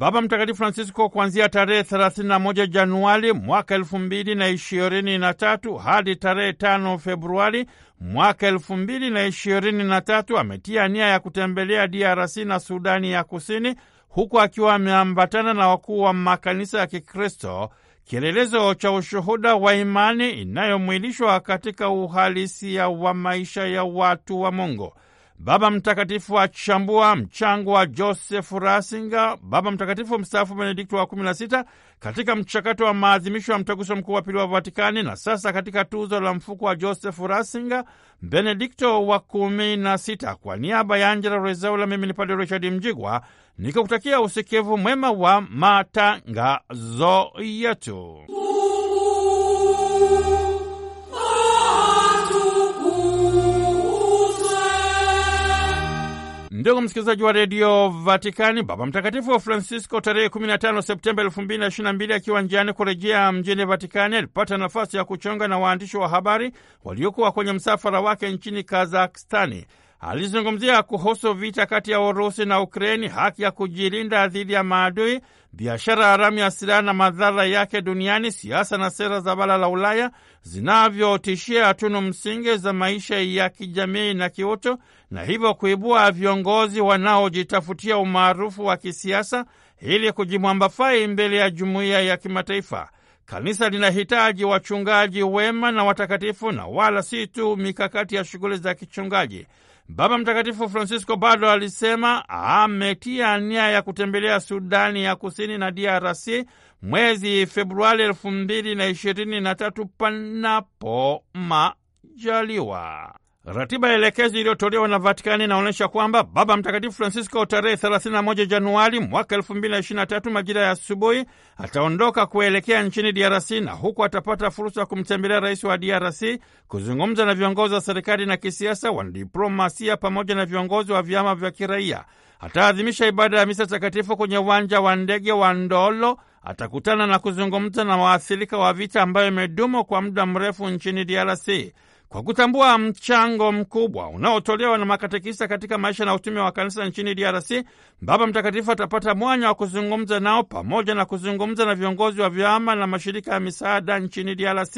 Baba Mtakatifu Francisco kuanzia tarehe 31 Januari mwaka 2023 hadi tarehe 5 Februari mwaka 2023 ametia nia ya kutembelea DRC na Sudani ya Kusini, huku akiwa ameambatana na wakuu wa makanisa ya Kikristo, kielelezo cha ushuhuda wa imani inayomwilishwa katika uhalisia wa maisha ya watu wa Mungu. Baba Mtakatifu achambua mchango wa Josefu Rasinga, Baba Mtakatifu mstaafu Benedikto wa 16 katika mchakato wa maadhimisho ya mtaguso mkuu wa pili wa Vatikani, na sasa katika tuzo la mfuko wa Josefu Rasinga Benedikto wa 16. Kwa niaba ya Angela Rezaula, mimi ni Padre Richard Mjigwa nikakutakia usikivu mwema wa matangazo yetu. Ndugu msikilizaji wa redio Vatikani, Baba Mtakatifu wa Francisco tarehe 15 Septemba 2022 akiwa njiani kurejea mjini Vatikani alipata nafasi ya kuchonga na waandishi wa habari waliokuwa kwenye msafara wake nchini Kazakstani. Alizungumzia kuhusu vita kati ya Urusi na Ukraini, haki ya kujilinda dhidi ya maadui, biashara haramu ya silaha na madhara yake duniani, siasa na sera za bara la Ulaya zinavyotishia hatunu msingi za maisha ya kijamii na kiuto na hivyo kuibua viongozi wanaojitafutia umaarufu wa kisiasa ili kujimwambafai mbele ya jumuiya ya kimataifa. Kanisa linahitaji wachungaji wema na watakatifu, na wala si tu mikakati ya shughuli za kichungaji. Baba Mtakatifu Francisco bado alisema ametia nia ya kutembelea Sudani ya Kusini na DRC mwezi Februari elfu mbili na ishirini na tatu panapo majaliwa. Ratiba elekezi iliyotolewa na Vatikani inaonyesha kwamba Baba Mtakatifu Francisco tarehe 31 Januari mwaka 2023 majira ya asubuhi ataondoka kuelekea nchini DRC na huku atapata fursa ya kumtembelea rais wa DRC, kuzungumza na viongozi wa serikali na kisiasa, wanadiplomasia pamoja na viongozi wa vyama vya kiraia. Ataadhimisha ibada ya misa takatifu kwenye uwanja wa ndege wa Ndolo. Atakutana na kuzungumza na waathirika wa vita ambayo imedumu kwa muda mrefu nchini DRC kwa kutambua mchango mkubwa unaotolewa na makatekista katika maisha na utume wa kanisa nchini DRC, Baba Mtakatifu atapata mwanya wa kuzungumza nao pamoja na kuzungumza na viongozi wa vyama na mashirika ya misaada nchini DRC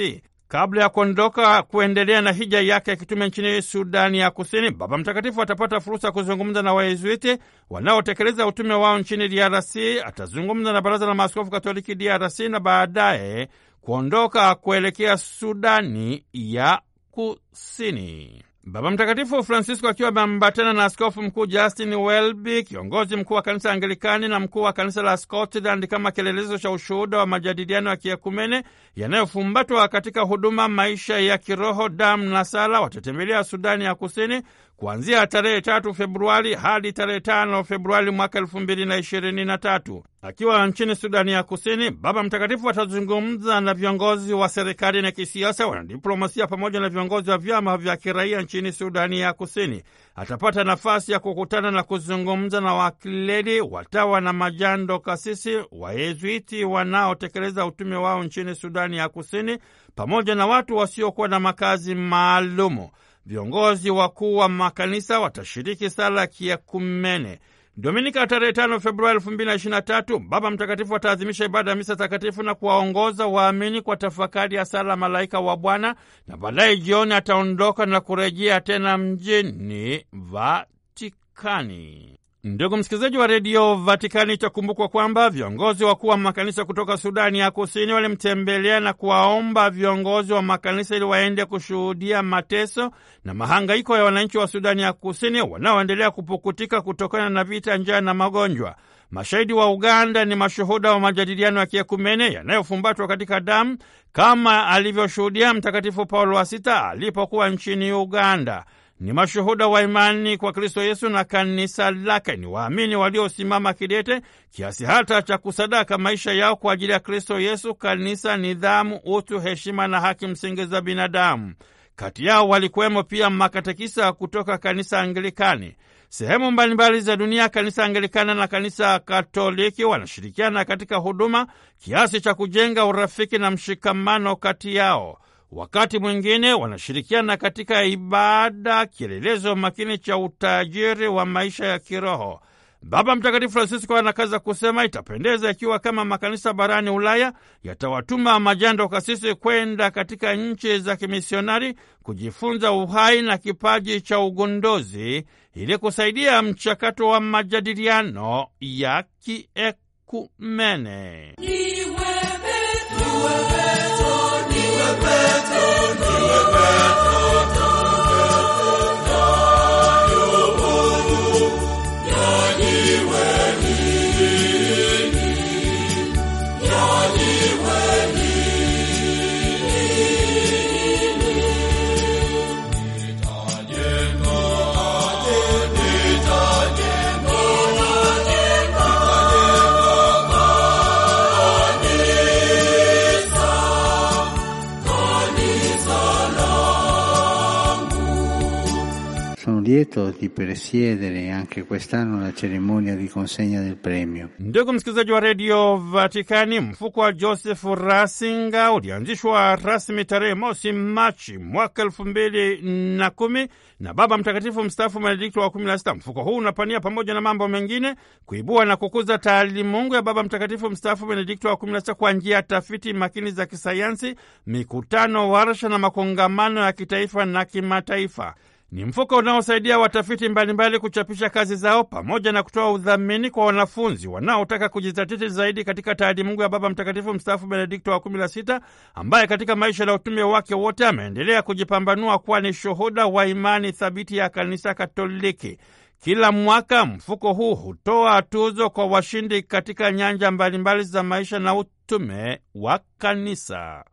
kabla ya kuondoka kuendelea na hija yake ya kitume nchini Sudani ya Kusini, Baba Mtakatifu atapata fursa ya kuzungumza na waezuiti wanaotekeleza utume wao nchini DRC. Atazungumza na Baraza la Maaskofu Katoliki DRC na baadaye kuondoka kuelekea Sudani ya Kusini. Baba Mtakatifu Francisco akiwa ameambatana na askofu mkuu Justin Welby, kiongozi mkuu wa kanisa Anglikani na mkuu wa kanisa la Scotland, kama kielelezo cha ushuhuda wa majadiliano ya kiekumene yanayofumbatwa katika huduma, maisha ya kiroho, damu na sala, watatembelea Sudani ya Kusini kuanzia tarehe tatu Februari hadi tarehe tano Februari mwaka elfu mbili na ishirini na tatu. Akiwa nchini Sudani ya Kusini, Baba Mtakatifu atazungumza na viongozi wa serikali na kisiasa, wanadiplomasia, pamoja na viongozi wa vyama vya kiraia nchini Sudani ya Kusini. Atapata nafasi ya kukutana na kuzungumza na wakiledi, watawa na majando kasisi, wayezuiti wanaotekeleza utume wao nchini Sudani ya Kusini, pamoja na watu wasiokuwa na makazi maalumu viongozi wakuu wa makanisa watashiriki sala ya kiakumene. Dominika tarehe 5 Februari tatu Baba Mtakatifu ataadhimisha ibada ya misa takatifu na kuwaongoza waamini kwa tafakari ya sala malaika wa Bwana, na baadaye jioni ataondoka na kurejea tena mjini Vatikani. Ndugu msikilizaji wa redio Vatikani, itakumbukwa kwamba viongozi wakuu wa makanisa kutoka Sudani ya Kusini walimtembelea na kuwaomba viongozi wa makanisa ili waende kushuhudia mateso na mahangaiko ya wananchi wa Sudani ya Kusini wanaoendelea kupukutika kutokana na vita, njaa na magonjwa. Mashahidi wa Uganda ni mashuhuda wa majadiliano ya kiekumene yanayofumbatwa katika damu, kama alivyoshuhudia Mtakatifu Paulo wa Sita alipokuwa nchini Uganda ni mashuhuda wa imani kwa Kristo Yesu na kanisa lake. Ni waamini waliosimama kidete kiasi hata cha kusadaka maisha yao kwa ajili ya Kristo Yesu, kanisa, nidhamu, utu, heshima na haki msingi za binadamu. Kati yao walikuwemo pia makatekisa kutoka kanisa Anglikani. Sehemu mbalimbali za dunia, kanisa Anglikana na kanisa Katoliki wanashirikiana katika huduma kiasi cha kujenga urafiki na mshikamano kati yao wakati mwingine wanashirikiana katika ibada, kielelezo makini cha utajiri wa maisha ya kiroho. Baba Mtakatifu Francisco anakaza kusema itapendeza ikiwa kama makanisa barani Ulaya yatawatuma majando kasisi kwenda katika nchi za kimisionari kujifunza uhai na kipaji cha ugunduzi ili kusaidia mchakato wa majadiliano ya kiekumene. Ni wewe, Amen. diritto di presiedere anche quest'anno la cerimonia di consegna del premio. Ndugu msikilizaji wa redio vaticani mfuko wa Joseph Rasinga ulianzishwa rasmi tarehe mosi Machi mwaka elfu mbili na kumi na Baba Mtakatifu mstaafu Benedikto wa kumi na sita. Mfuko huu unapania pamoja na mambo mengine kuibua na kukuza taalimungu ya Baba Mtakatifu mstaafu Benedikto wa kumi na sita kwa njia ya tafiti makini za kisayansi, mikutano, warsha na makongamano ya kitaifa na kimataifa. Ni mfuko unaosaidia watafiti mbalimbali kuchapisha kazi zao pamoja na kutoa udhamini kwa wanafunzi wanaotaka kujizatiti zaidi katika taalimungu ya Baba Mtakatifu mstaafu Benedikto wa sita, ambaye katika maisha na utume wake wote ameendelea kujipambanua kuwa ni shuhuda wa imani thabiti ya Kanisa Katoliki. Kila mwaka mfuko huu hutoa tuzo kwa washindi katika nyanja mbalimbali za maisha na utume wa kanisa.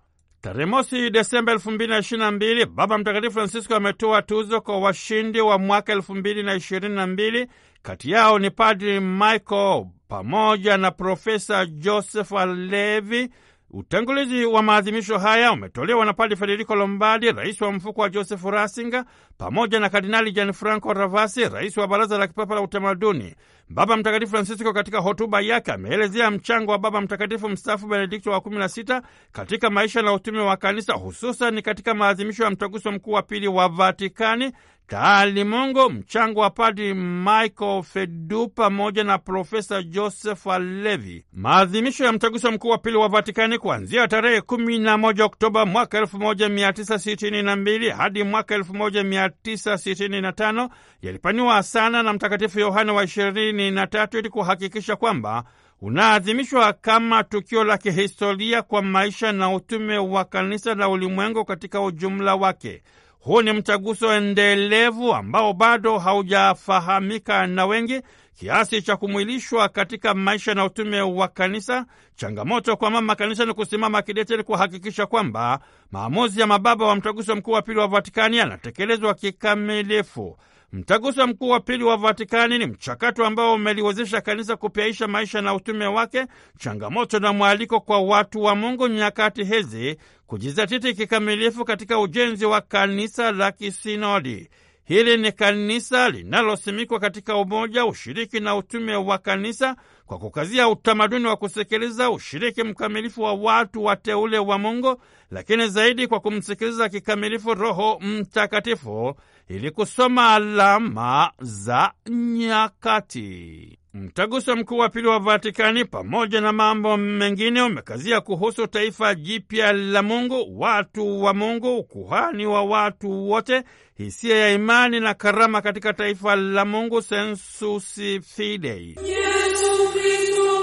Tarehe mosi Desemba elfu mbili na ishirini na mbili Baba Mtakatifu Francisco ametoa tuzo kwa washindi wa mwaka elfu mbili na ishirini na mbili. Kati yao ni Padri Michael pamoja na Profesa Joseph Levi Utangulizi wa maadhimisho haya umetolewa na Padi Federico Lombardi, rais wa mfuko wa joseph Rasinga, pamoja na Kardinali Gianfranco Ravasi, rais wa Baraza la Kipapa la Utamaduni. Baba Mtakatifu Francisco katika hotuba yake ameelezea mchango wa Baba Mtakatifu mstaafu Benedikto wa 16 katika maisha na utume wa Kanisa, hususan katika maadhimisho ya mtaguso mkuu wa pili wa Vatikani Taali Mungu, mchango wa Padri Michael Fedu pamoja na Profesa Joseph Alevi. Maadhimisho ya mtaguso mkuu wa pili wa Vatikani kuanzia tarehe 11 Oktoba mwaka 1962 hadi mwaka 1965 yalipaniwa sana na Mtakatifu Yohane wa 23 ili kuhakikisha kwamba unaadhimishwa kama tukio la kihistoria kwa maisha na utume wa kanisa la ulimwengu katika ujumla wake. Huu ni mtaguso endelevu ambao bado haujafahamika na wengi kiasi cha kumwilishwa katika maisha na utume wa kanisa. Changamoto kwa mama kanisa ni kusimama kidete ni kuhakikisha kwamba maamuzi ya mababa wa mtaguso mkuu wa pili wa Vatikani yanatekelezwa kikamilifu. Mtaguso Mkuu wa Pili wa Vatikani ni mchakato ambao umeliwezesha kanisa kupiaisha maisha na utume wake, changamoto na mwaliko kwa watu wa Mungu nyakati hizi kujizatiti kikamilifu katika ujenzi wa kanisa la kisinodi. Hili ni kanisa linalosimikwa katika umoja, ushiriki na utume wa kanisa kwa kukazia utamaduni wa kusikiliza, ushiriki mkamilifu wa watu wateule wa Mungu, lakini zaidi kwa kumsikiliza kikamilifu Roho Mtakatifu ili kusoma alama za nyakati. Mtaguso Mkuu wa Pili wa Vatikani, pamoja na mambo mengine, umekazia kuhusu taifa jipya la Mungu, watu wa Mungu, ukuhani wa watu wote, hisia ya imani na karama katika taifa la Mungu, sensusi fidei Yesu Kristo.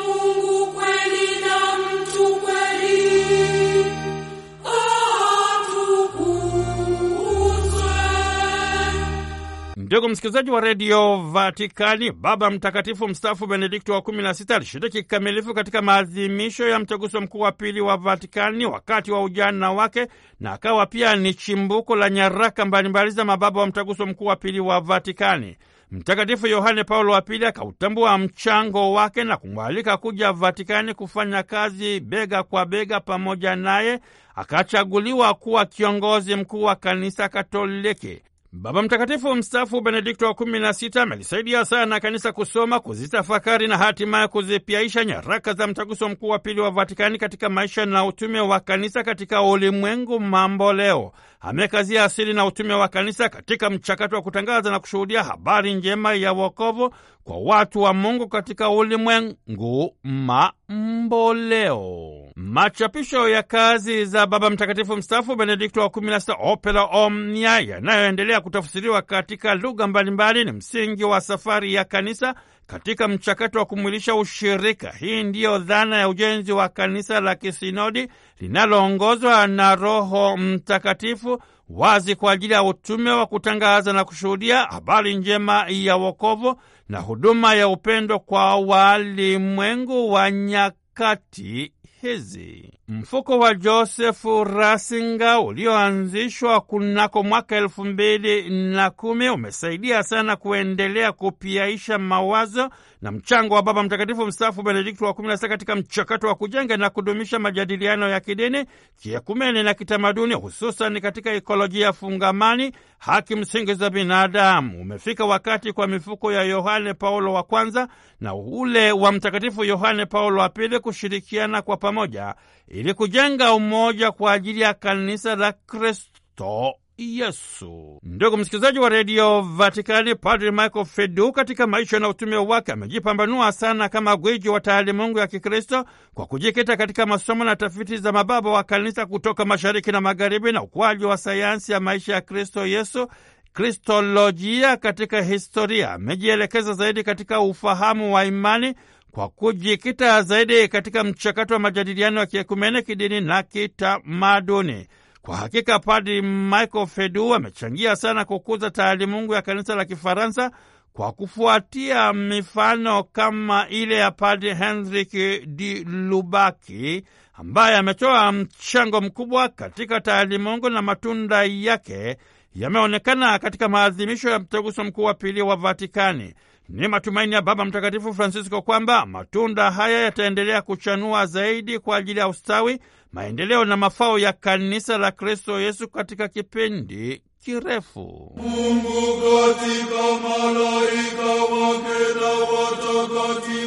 Ndugu msikilizaji wa redio Vatikani, Baba Mtakatifu mstaafu Benedikto wa kumi na sita alishiriki kikamilifu katika maadhimisho ya mtaguso mkuu wa pili wa Vatikani wakati wa ujana wake na akawa pia ni chimbuko la nyaraka mbalimbali za mababa wa mtaguso mkuu wa pili wa Vatikani. Mtakatifu Yohane Paulo wa pili akautambua mchango wake na kumwalika kuja Vatikani kufanya kazi bega kwa bega pamoja naye, akachaguliwa kuwa kiongozi mkuu wa kanisa Katoliki. Baba Mtakatifu mstaafu Benedikto wa kumi na sita amelisaidia sana kanisa kusoma, kuzitafakari na hatimaye kuzipiaisha nyaraka za mtaguso mkuu wa pili wa Vatikani katika maisha na utume wa kanisa katika ulimwengu mambo leo. Amekazia asili na utume wa kanisa katika mchakato wa kutangaza na kushuhudia habari njema ya wokovu kwa watu wa Mungu katika ulimwengu ma mboleo. Machapisho ya kazi za Baba Mtakatifu mstaafu Benedikto wa kumi na sita, Opera Omnia, yanayoendelea kutafsiriwa katika lugha mbalimbali, ni msingi wa safari ya kanisa katika mchakato wa kumwilisha ushirika. Hii ndiyo dhana ya ujenzi wa kanisa la kisinodi linaloongozwa na Roho Mtakatifu, wazi kwa ajili ya utume wa kutangaza na kushuhudia habari njema ya wokovu na huduma ya upendo kwa walimwengu wa nyakati hizi. Mfuko wa Josefu Rasinga ulioanzishwa kunako mwaka elfu mbili na kumi umesaidia sana kuendelea kupiaisha mawazo na mchango wa Baba Mtakatifu mstaafu Benedikto wa kumi na sita katika mchakato wa kujenga na kudumisha majadiliano ya kidini, kiekumene na kitamaduni, hususan katika ikolojia fungamani, haki msingi za binadamu. Umefika wakati kwa mifuko ya Yohane Paulo wa kwanza na ule wa Mtakatifu Yohane Paulo wa pili kushirikiana kwa pamoja ili kujenga umoja kwa ajili ya kanisa la Kristo Yesu. Ndugu msikilizaji wa redio Vatikani, Padri Michael fedu katika maisha na utume wake amejipambanua sana kama gwiji wa taalimungu ya Kikristo kwa kujikita katika masomo na tafiti za mababa wa kanisa kutoka mashariki na magharibi na ukuaji wa sayansi ya maisha ya Kristo Yesu, kristolojia katika historia. Amejielekeza zaidi katika ufahamu wa imani kwa kujikita zaidi katika mchakato wa majadiliano ya kiekumene, kidini na kitamaduni. Kwa hakika Padri Michael Fedu amechangia sana kukuza taalimungu ya kanisa la Kifaransa kwa kufuatia mifano kama ile ya Padri Henrik de Lubaki ambaye ametoa mchango mkubwa katika taalimungu na matunda yake yameonekana katika maadhimisho ya mtaguso mkuu wa pili wa Vatikani. Ni matumaini ya Baba Mtakatifu Francisco kwamba matunda haya yataendelea kuchanua zaidi kwa ajili ya ustawi, maendeleo na mafao ya kanisa la Kristo Yesu katika kipindi kirefu. Mungu katika malaika wake na watakatifu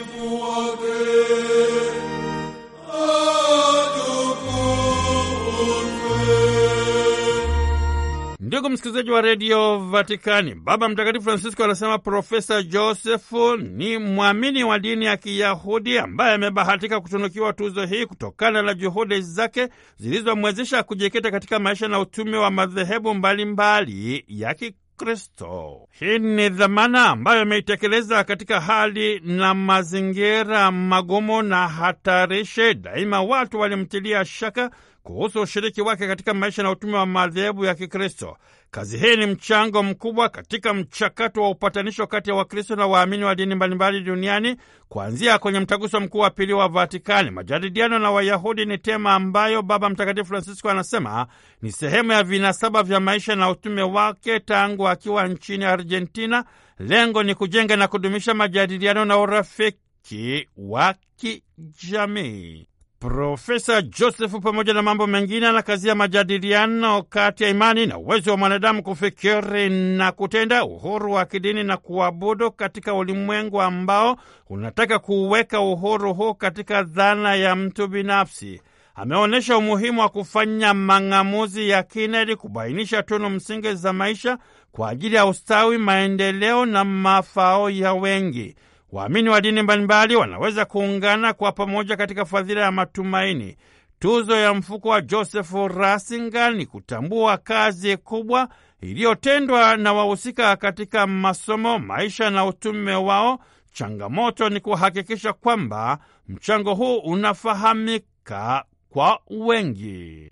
Ndugu msikilizaji wa redio Vatikani, Baba Mtakatifu Francisco anasema Profesa Josefu ni mwamini wa dini ya Kiyahudi ambaye amebahatika kutunukiwa tuzo hii kutokana na juhudi zake zilizomwezesha kujikita katika maisha na utume wa madhehebu mbalimbali ya Kristo. Hii ni dhamana ambayo ameitekeleza katika hali na mazingira magumu na hatarishi. Daima watu walimtilia shaka kuhusu ushiriki wake katika maisha na utume wa madhehebu ya Kikristo. Kazi hii ni mchango mkubwa katika mchakato wa upatanisho kati ya Wakristo na waamini wa dini mbalimbali duniani, kuanzia kwenye mtaguso mkuu wa pili wa Vatikani. Majadiliano na Wayahudi ni tema ambayo Baba Mtakatifu Francisco anasema ni sehemu ya vinasaba vya maisha na utume wake tangu akiwa nchini Argentina. Lengo ni kujenga na kudumisha majadiliano na urafiki wa kijamii. Profesa Josefu pamoja na mambo mengine anakazia majadiliano kati ya imani na uwezo wa mwanadamu kufikiri na kutenda, uhuru wa kidini na kuabudu katika ulimwengu ambao unataka kuweka uhuru huu katika dhana ya mtu binafsi. Ameonyesha umuhimu wa kufanya mang'amuzi ya kina ili kubainisha tunu msingi za maisha kwa ajili ya ustawi, maendeleo na mafao ya wengi. Waamini wa dini mbalimbali wanaweza kuungana kwa pamoja katika fadhila ya matumaini. Tuzo ya mfuko wa Josefu Rasinga ni kutambua kazi kubwa iliyotendwa na wahusika katika masomo, maisha na utume wao. Changamoto ni kuhakikisha kwamba mchango huu unafahamika kwa wengi.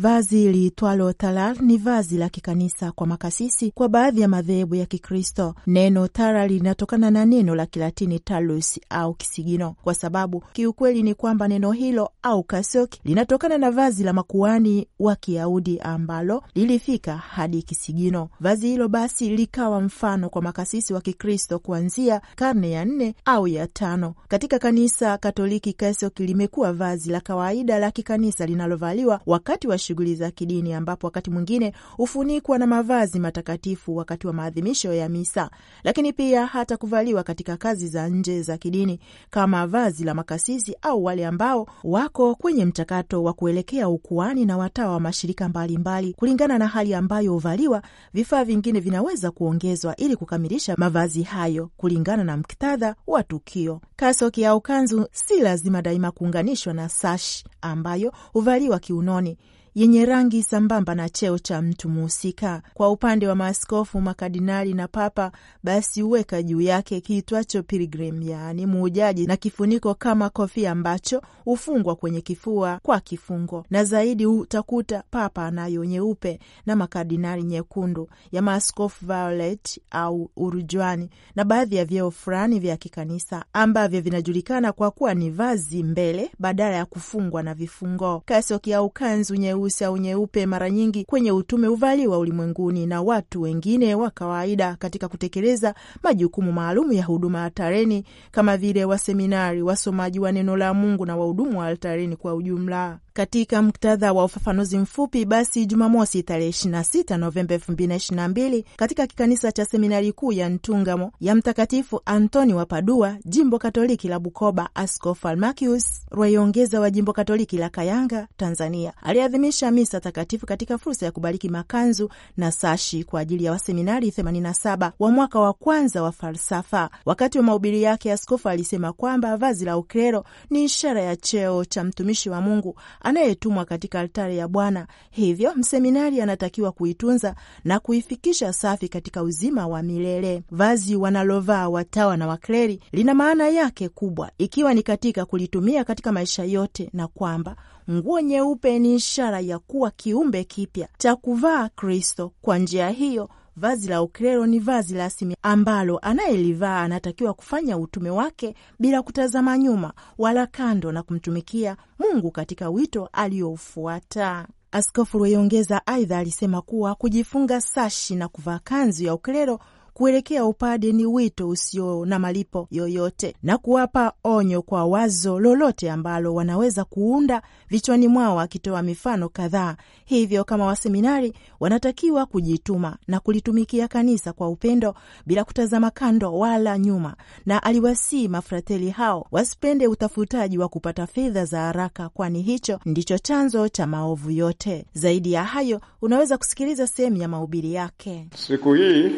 Vazi liitwalo talar ni vazi la kikanisa kwa makasisi kwa baadhi ya madhehebu ya Kikristo. Neno tara linatokana na neno la Kilatini talus au kisigino, kwa sababu kiukweli ni kwamba neno hilo au kasoki linatokana na vazi la makuani wa Kiyahudi ambalo lilifika hadi kisigino. Vazi hilo basi likawa mfano kwa makasisi wa Kikristo kuanzia karne ya nne au ya tano. Katika kanisa Katoliki, kasoki limekuwa vazi la kawaida la kikanisa linalovaliwa wakati wa shughuli za kidini, ambapo wakati mwingine hufunikwa na mavazi matakatifu wakati wa maadhimisho ya misa, lakini pia hata kuvaliwa katika kazi za nje za kidini kama vazi la makasisi au wale ambao wako kwenye mchakato wa kuelekea ukuani na watawa wa mashirika mbalimbali mbali. Kulingana na hali ambayo huvaliwa, vifaa vingine vinaweza kuongezwa ili kukamilisha mavazi hayo kulingana na mktadha wa tukio. Kasoki au kanzu si lazima daima kuunganishwa na sash ambayo huvaliwa kiunoni yenye rangi sambamba na cheo cha mtu muhusika. Kwa upande wa maaskofu, makardinali na papa, basi huweka juu yake kiitwacho pilgrim, yaani muujaji, na kifuniko kama kofia ambacho hufungwa kwenye kifua kwa kifungo, na zaidi utakuta papa anayo nyeupe na makardinali nyekundu ya maaskofu violet au urujwani, na baadhi ya vyeo fulani vya kikanisa ambavyo vinajulikana kwa kuwa ni vazi mbele badala ya kufungwa na vifungo, kasoki au kanzu nyeusi nyeusi au nyeupe, mara nyingi kwenye utume huvaliwa ulimwenguni na watu wengine wa kawaida katika kutekeleza majukumu maalum ya huduma altarini, kama vile waseminari, wasomaji wa neno la Mungu na wahudumu wa altarini kwa ujumla. Katika muktadha wa ufafanuzi mfupi, basi Jumamosi tarehe 26 Novemba 2022 katika kikanisa cha seminari kuu ya Ntungamo ya Mtakatifu Antoni wa Padua, jimbo katoliki la Bukoba, Askofu Almachius Rwaiongeza wa jimbo katoliki la Kayanga, Tanzania aliadhimisha aliadhimisha misa takatifu katika fursa ya kubariki makanzu na sashi kwa ajili ya waseminari 87 wa mwaka wa kwanza wa falsafa. Wakati wa mahubiri yake, askofu alisema kwamba vazi la ukrero ni ishara ya cheo cha mtumishi wa Mungu anayetumwa katika altari ya Bwana, hivyo mseminari anatakiwa kuitunza na kuifikisha safi katika uzima wa milele. Vazi wanalovaa watawa na wakleri lina maana yake kubwa, ikiwa ni katika kulitumia katika maisha yote na kwamba Nguo nyeupe ni ishara ya kuwa kiumbe kipya cha kuvaa Kristo. Kwa njia hiyo vazi la uklero ni vazi rasmi ambalo anayelivaa anatakiwa kufanya utume wake bila kutazama nyuma wala kando na kumtumikia Mungu katika wito aliyoufuata. Askofu Rweiongeza aidha alisema kuwa kujifunga sashi na kuvaa kanzu ya uklero kuelekea upade ni wito usio na malipo yoyote, na kuwapa onyo kwa wazo lolote ambalo wanaweza kuunda vichwani mwao, akitoa mifano kadhaa. Hivyo kama waseminari wanatakiwa kujituma na kulitumikia kanisa kwa upendo bila kutazama kando wala nyuma, na aliwasii mafrateli hao wasipende utafutaji wa kupata fedha za haraka, kwani hicho ndicho chanzo cha maovu yote. Zaidi ya hayo, unaweza kusikiliza sehemu ya mahubiri yake siku hii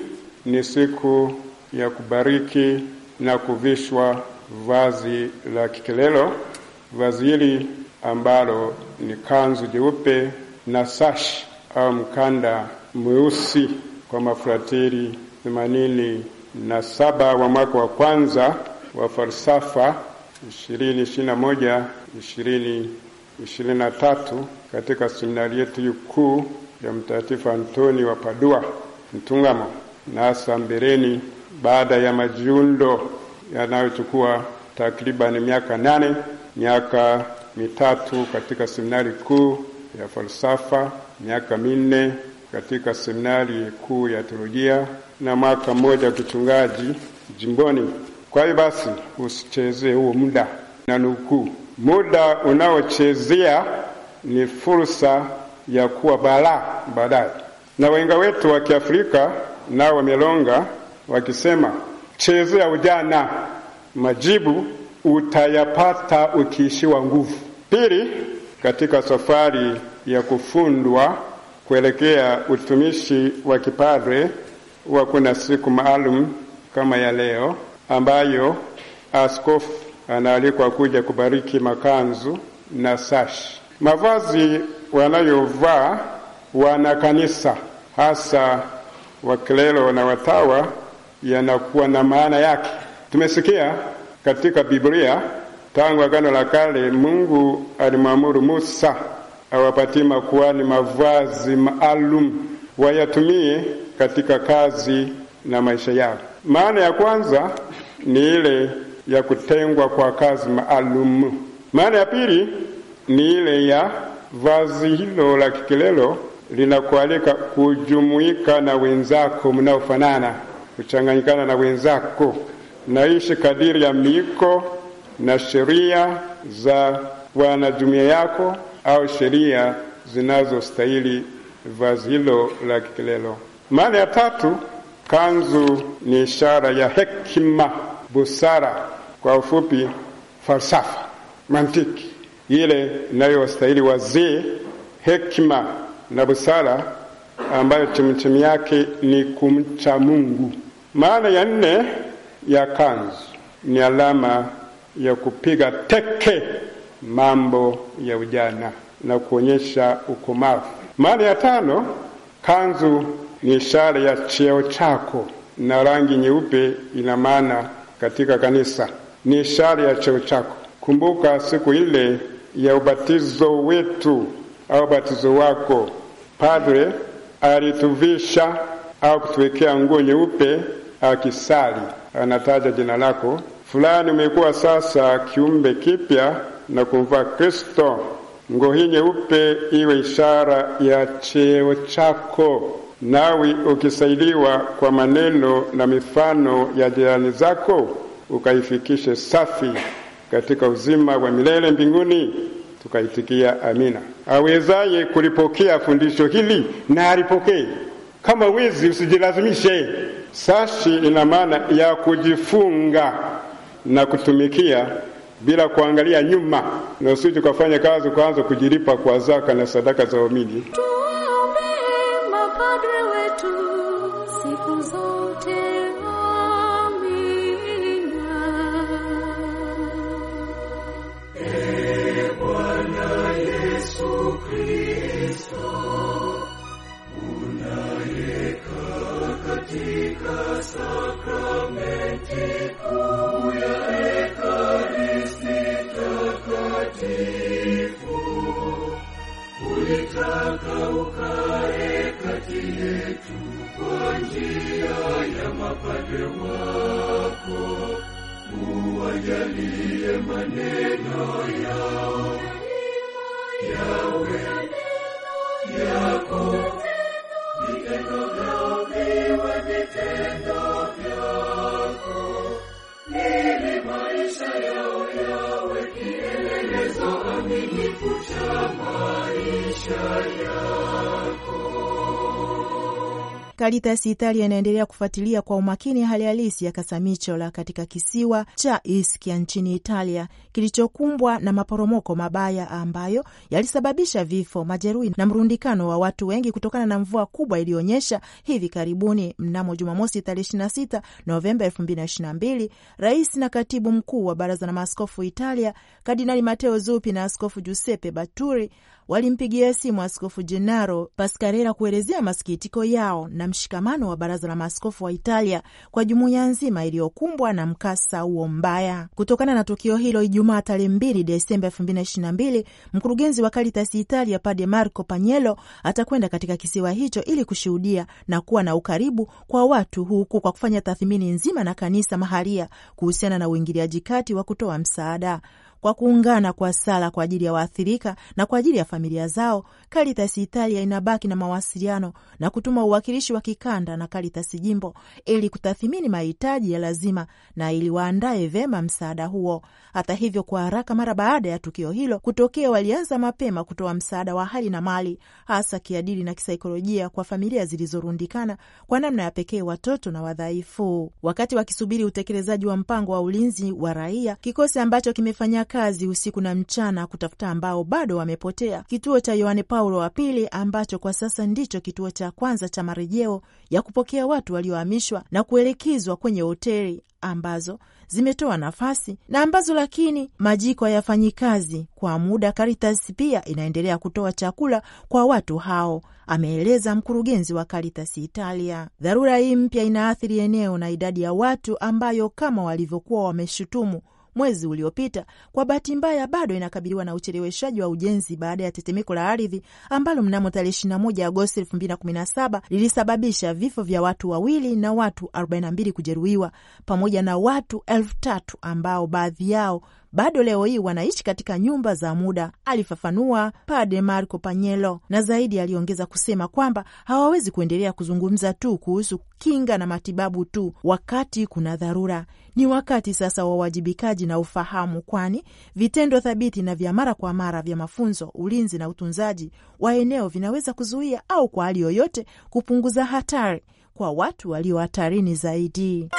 ni siku ya kubariki na kuvishwa vazi la kikelelo. Vazi hili ambalo ni kanzu jeupe na sash au mkanda mweusi kwa mafuratiri themanini na saba wa mwaka wa kwanza wa falsafa ishirini ishirini na moja ishirini ishirini na tatu katika seminari yetu kuu ya Mtakatifu Antoni wa Padua Mtungamo na hasa mbeleni, baada ya majiundo yanayochukua takribani miaka nane, miaka mitatu katika seminari kuu ya falsafa, miaka minne katika seminari kuu ya teolojia na mwaka mmoja wa kichungaji jimboni. Kwa hiyo basi, usichezee huo muda, na nukuu, muda unaochezea ni fursa ya kuwa balaa baadaye. Na wenga wetu wa Kiafrika nao wamelonga wakisema, chezea ujana, majibu utayapata ukiishiwa nguvu. Pili, katika safari ya kufundwa kuelekea utumishi wa kipadre huwa kuna siku maalum kama ya leo ambayo askofu anaalikwa kuja kubariki makanzu na sashi. Mavazi wanayovaa wana kanisa hasa waklero na watawa yanakuwa na maana yake. Tumesikia katika Biblia tangu Agano la Kale Mungu alimwamuru Musa awapatie makuhani mavazi maalum wayatumie katika kazi na maisha yao. Maana ya kwanza ni ile ya kutengwa kwa kazi maalumu. Maana ya pili ni ile ya vazi hilo la kikilelo linakualika kujumuika na wenzako mnaofanana, kuchanganyikana na wenzako. Naishi kadiri ya miiko na sheria za wanajumuiya yako au sheria zinazostahili vazi hilo la kikelelo. Maana ya tatu, kanzu ni ishara ya hekima, busara, kwa ufupi falsafa, mantiki ile inayowastahili wazee, hekima na busara ambayo chemchemi yake ni kumcha Mungu. Maana ya nne ya kanzu ni alama ya kupiga teke mambo ya ujana na kuonyesha ukomavu. Maana ya tano, kanzu ni ishara ya cheo chako, na rangi nyeupe ina maana katika kanisa ni ishara ya cheo chako. Kumbuka siku ile ya ubatizo wetu au ubatizo wako Padre alituvisha au kutuwekea nguo nyeupe akisali, anataja jina lako fulani, umekuwa sasa kiumbe kipya na kumvaa Kristo. Nguo hii nyeupe iwe ishara ya cheo chako, nawe ukisaidiwa kwa maneno na mifano ya jirani zako ukaifikishe safi katika uzima wa milele mbinguni. Tukaitikia amina awezaye kulipokea fundisho hili na alipokee. Kama wizi, usijilazimishe. Sashi ina maana ya kujifunga na kutumikia bila kuangalia nyuma, na usiji ukafanya kazi kwanza kujilipa kwa zaka na sadaka za umini. Tuombe mapadre Yeah. Serikali, Italia inaendelea kufuatilia kwa umakini hali halisi ya Casamicciola katika kisiwa cha Ischia nchini Italia kilichokumbwa na maporomoko mabaya ambayo yalisababisha vifo, majeruhi na mrundikano wa watu wengi kutokana na mvua kubwa iliyonyesha hivi karibuni. Mnamo Jumamosi tarehe 26 Novemba 2022, rais na katibu mkuu wa baraza la maaskofu Italia Kardinali Mateo Zuppi na askofu Giuseppe Baturi walimpigia simu Askofu Jenaro Pascarella kuelezea masikitiko yao na mshikamano wa Baraza la Maaskofu wa Italia kwa jumuiya nzima iliyokumbwa na mkasa huo mbaya. Kutokana na tukio hilo, Ijumaa tarehe 2 Desemba 2022 mkurugenzi wa Caritas Italia Pade Marco Panyelo atakwenda katika kisiwa hicho ili kushuhudia na kuwa na ukaribu kwa watu, huku kwa kufanya tathmini nzima na kanisa mahalia kuhusiana na uingiliaji kati wa kutoa msaada kwa kuungana kwa sala kwa ajili ya waathirika na kwa ajili ya familia zao, karitas Italia inabaki na mawasiliano na kutuma uwakilishi wa kikanda na karitas jimbo ili kutathimini mahitaji ya lazima na ili waandaye vema msaada huo. Hata hivyo, kwa haraka mara baada ya tukio hilo kutokea, walianza mapema kutoa msaada wa hali na mali, hasa kiadili na kisaikolojia kwa familia zilizorundikana, kwa namna ya pekee watoto na wadhaifu. Wakati wakisubiri utekelezaji wa mpango wa ulinzi wa raia, kikosi ambacho kimefanya kazi usiku na mchana kutafuta ambao bado wamepotea. Kituo cha Yohane Paulo wa Pili, ambacho kwa sasa ndicho kituo cha kwanza cha marejeo ya kupokea watu waliohamishwa na kuelekezwa kwenye hoteli ambazo zimetoa nafasi na ambazo lakini majiko hayafanyi kazi kwa muda. Caritas pia inaendelea kutoa chakula kwa watu hao, ameeleza mkurugenzi wa Caritas Italia. Dharura hii mpya inaathiri eneo na idadi ya watu ambayo kama walivyokuwa wameshutumu mwezi uliopita, kwa bahati mbaya bado inakabiliwa na ucheleweshaji wa ujenzi baada ya tetemeko la ardhi ambalo mnamo tarehe 21 Agosti 2017 lilisababisha vifo vya watu wawili na watu 42 kujeruhiwa pamoja na watu elfu tatu ambao baadhi yao bado leo hii wanaishi katika nyumba za muda, alifafanua Padre Marco Panyelo. Na zaidi aliongeza kusema kwamba hawawezi kuendelea kuzungumza tu kuhusu kinga na matibabu tu wakati kuna dharura. Ni wakati sasa wa uwajibikaji na ufahamu, kwani vitendo thabiti na vya mara kwa mara vya mafunzo, ulinzi na utunzaji wa eneo vinaweza kuzuia au kwa hali yoyote kupunguza hatari kwa watu walio hatarini zaidi.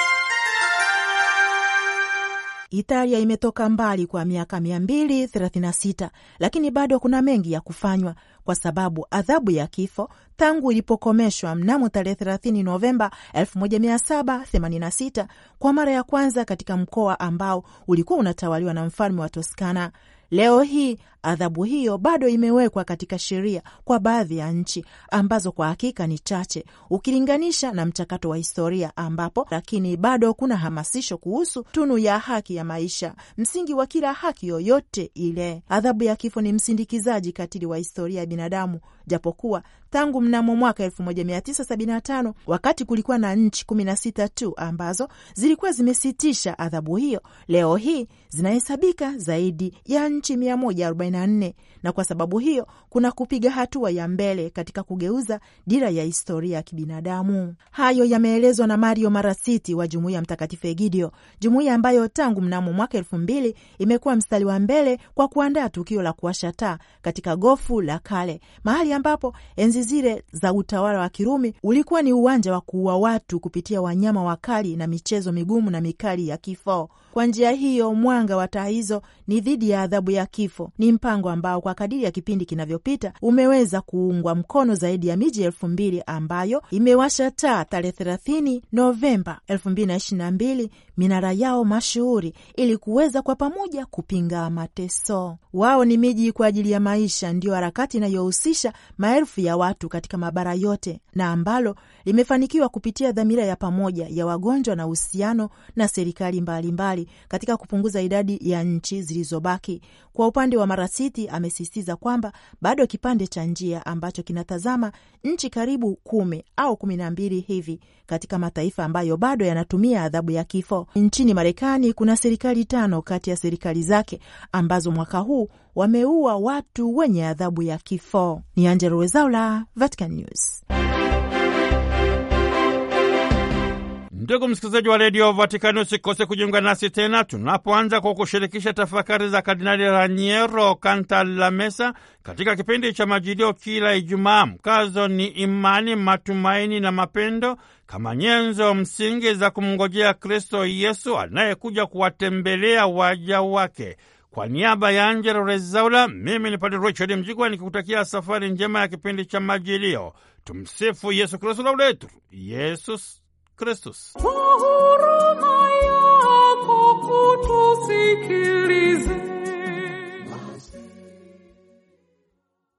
Italia imetoka mbali kwa miaka 236 lakini bado kuna mengi ya kufanywa kwa sababu adhabu ya kifo tangu ilipokomeshwa mnamo tarehe 30 Novemba 1786 kwa mara ya kwanza katika mkoa ambao ulikuwa unatawaliwa na mfalme wa Toskana Leo hii adhabu hiyo bado imewekwa katika sheria kwa baadhi ya nchi ambazo kwa hakika ni chache ukilinganisha na mchakato wa historia ambapo, lakini bado kuna hamasisho kuhusu tunu ya haki ya maisha, msingi wa kila haki yoyote ile. Adhabu ya kifo ni msindikizaji katili wa historia ya binadamu japokuwa tangu mnamo mwaka 1975 wakati kulikuwa na nchi 16 tu ambazo zilikuwa zimesitisha adhabu hiyo, leo hii zinahesabika zaidi ya nchi 144, na kwa sababu hiyo kuna kupiga hatua ya mbele katika kugeuza dira ya historia ya kibinadamu. Hayo yameelezwa na Mario Marasiti wa Jumuiya Mtakatifu Egidio, jumuiya ambayo tangu mnamo mwaka 2000 imekuwa mstari wa mbele kwa kuandaa tukio la kuwasha taa katika gofu la kale mahali ambapo enzi zile za utawala wa Kirumi ulikuwa ni uwanja wa kuua watu kupitia wanyama wakali na michezo migumu na mikali ya kifo kwa njia hiyo, mwanga wa taa hizo ni dhidi ya adhabu ya kifo. Ni mpango ambao kwa kadiri ya kipindi kinavyopita umeweza kuungwa mkono zaidi ya miji elfu mbili ambayo imewasha taa tarehe thelathini Novemba elfu mbili na ishirini na mbili minara yao mashuhuri ili kuweza kwa pamoja kupinga mateso. Wao ni miji kwa ajili ya maisha, ndiyo harakati inayohusisha maelfu ya watu katika mabara yote na ambalo limefanikiwa kupitia dhamira ya pamoja ya wagonjwa na uhusiano na serikali mbalimbali mbali katika kupunguza idadi ya nchi zilizobaki. Kwa upande wa Marasiti, amesisitiza kwamba bado kipande cha njia ambacho kinatazama nchi karibu kumi au kumi na mbili hivi katika mataifa ambayo bado yanatumia adhabu ya kifo. Nchini Marekani kuna serikali tano kati ya serikali zake ambazo mwaka huu wameua watu wenye adhabu ya kifo. Ni Angela Wezaula, Vatican News. Ndugu msikilizaji wa redio Vatikani, usikose kujiunga nasi tena tunapoanza kwa kushirikisha tafakari za Kardinali Raniero Cantalamessa katika kipindi cha Majilio kila Ijumaa. Mkazo ni imani, matumaini na mapendo kama nyenzo msingi za kumngojea Kristo Yesu anayekuja kuwatembelea waja wake. Kwa niaba ya Angelo Rezaula, mimi ni Padre Richard Mjigwa nikikutakia safari njema ya kipindi cha Majilio. Tumsifu Yesu Kristu, lauletu Yesus Kristus. Kwa huruma yako kutusikilize